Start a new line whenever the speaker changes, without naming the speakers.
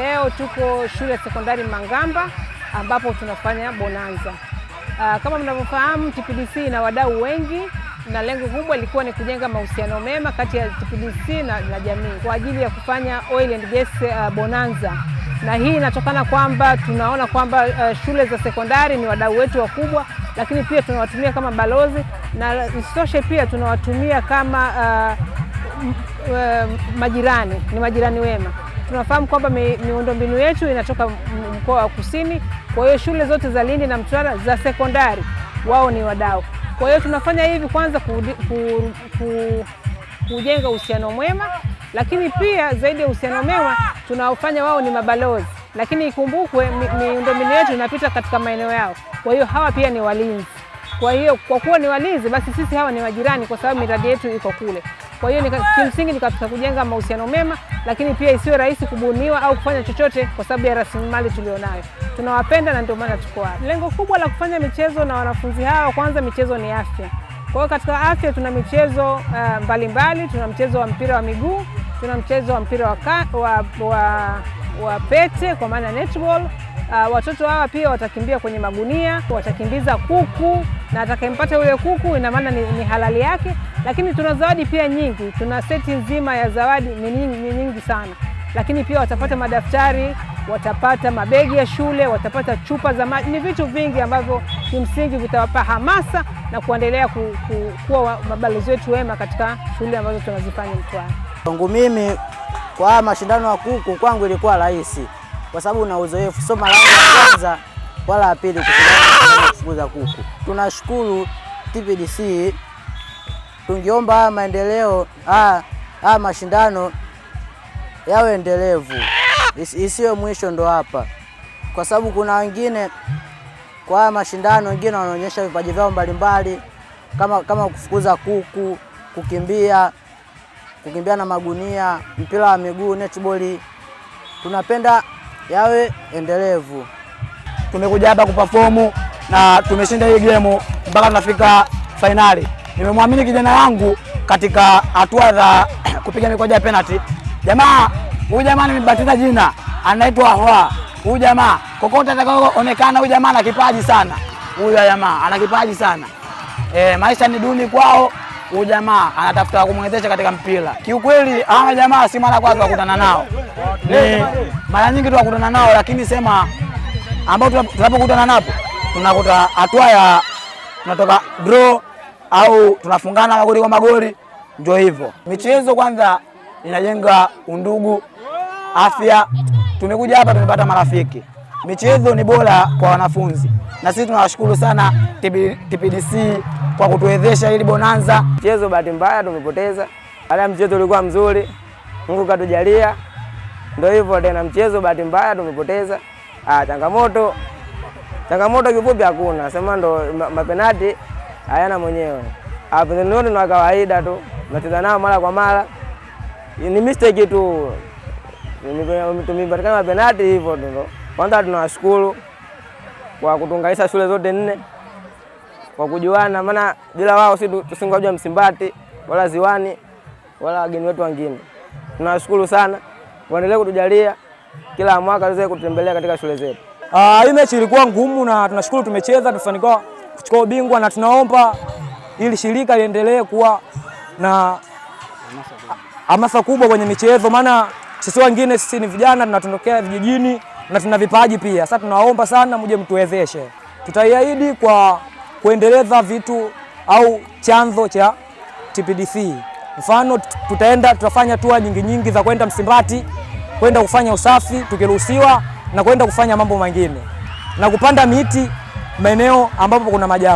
Leo tuko shule ya sekondari Mangamba ambapo tunafanya bonanza. Uh, kama mnavyofahamu TPDC ina wadau wengi na lengo kubwa lilikuwa ni kujenga mahusiano mema kati ya TPDC na, na jamii kwa ajili ya kufanya oil and gas uh, bonanza, na hii inatokana kwamba tunaona kwamba uh, shule za sekondari ni wadau wetu wakubwa, lakini pia tunawatumia kama balozi na isitoshe pia tunawatumia kama uh, uh, majirani, ni majirani wema. Tunafahamu kwamba miundombinu yetu inatoka mkoa wa Kusini, kwa hiyo shule zote za Lindi na Mtwara za sekondari wao ni wadau. Kwa hiyo tunafanya hivi kwanza kujenga uhusiano mwema, lakini pia zaidi ya uhusiano mwema tunaofanya wao ni mabalozi, lakini ikumbukwe miundombinu yetu inapita katika maeneo yao, kwa hiyo hawa pia ni walinzi. Kwa hiyo kwa kuwa ni walinzi, basi sisi hawa ni majirani, kwa sababu miradi yetu iko kule. Kwa hiyo kimsingi ni katika kujenga mahusiano mema, lakini pia isiwe rahisi kubuniwa au kufanya chochote kwa sababu ya rasilimali tulionayo. Tunawapenda na ndio maana tuko hapa. Lengo kubwa la kufanya michezo na wanafunzi hawa, kwanza michezo ni afya. Kwa hiyo katika afya tuna michezo eh, mbalimbali uh, mbali. Tuna mchezo wa mpira wa miguu, tuna mchezo wa mpira wa, ka, wa, wa, wa pete kwa maana netball Uh, watoto hawa pia watakimbia kwenye magunia, watakimbiza kuku na atakayempata yule kuku ina maana ni, ni halali yake. Lakini tuna zawadi pia nyingi, tuna seti nzima ya zawadi ni nyingi, ni nyingi sana. Lakini pia watapata madaftari, watapata mabegi ya shule, watapata chupa za maji. Ni vitu vingi ambavyo kimsingi vitawapa hamasa na kuendelea ku, ku, kuwa mabalozi wetu wema katika shule ambazo tunazifanya Mtwara.
Kwangu mimi kwa mashindano ya kuku kwangu ilikuwa rahisi kwa sababu una uzoefu, sio mara ya kwanza wala ya pili kufukuza kuku. Tunashukuru TPDC, tungeomba haya maendeleo haya haya mashindano yawe endelevu, isiwe mwisho ndo hapa, kwa sababu kuna wengine kwa haya mashindano wengine wanaonyesha vipaji vyao mbalimbali kama, kama kufukuza kuku, kukimbia, kukimbia na magunia, mpira wa miguu, netball. Tunapenda yawe endelevu.
Tumekuja hapa kuperform na tumeshinda hii game mpaka tunafika fainali. Nimemwamini kijana wangu katika hatua za kupiga mikwaju ya penalty. Jamaa huyu jamaa nimebatiza jina, anaitwa Hoa. Huyu jamaa kokote atakaoonekana, huyu jamaa ana kipaji sana, huyu jamaa ana kipaji sana. E, maisha ni duni kwao ujamaa jamaa anatafuta kumwezesha katika mpira. Kiukweli hawa jamaa si mara kwanza kukutana nao, ni mara nyingi kukutana nao, lakini sema ambao tunapokutana napo tunakuta hatua ya tunatoka draw au tunafungana magoli kwa magoli. Ndio hivyo, michezo kwanza inajenga undugu, afya. Tumekuja hapa tumepata marafiki. Michezo ni bora kwa wanafunzi, na sisi tunawashukuru sana TPDC kwa kutuwezesha hili bonanza. Mchezo bahati mbaya tumepoteza, baada ya mchezo ulikuwa mzuri, Mungu katujalia, ndio hivyo tena. Mchezo bahati mbaya tumepoteza. Ah, changamoto changamoto kifupi hakuna, sema ndo mapenati hayana mwenyewe. Ah, wote ni kawaida tu, tunacheza nao mara kwa mara, ni mistake tu, tumepatikana mapenati hivyo tu. Kwanza tunawashukuru kwa kutunganisha shule zote nne kwa kujuana, maana bila wao si tusingojwa Msimbati wala Ziwani wala wageni wetu wengine. Tunawashukuru sana, waendelee kutujalia kila mwaka tuweze kutembelea katika shule zetu. Ah, hii mechi ilikuwa ngumu na tunashukuru tumecheza, tufanikiwa kuchukua ubingwa na tunaomba ili shirika liendelee kuwa na hamasa kubwa kwenye michezo, maana sisi wengine sisi ni vijana tunatondokea vijijini na tuna vipaji pia. Sasa tunaomba sana mje mtuwezeshe, tutaiahidi kwa kuendeleza vitu au chanzo cha TPDC. Mfano, tutaenda tutafanya tua nyingi nyingi za kwenda Msimbati kwenda kufanya usafi tukiruhusiwa, na kwenda kufanya mambo mengine na kupanda miti maeneo ambapo kuna majangwa.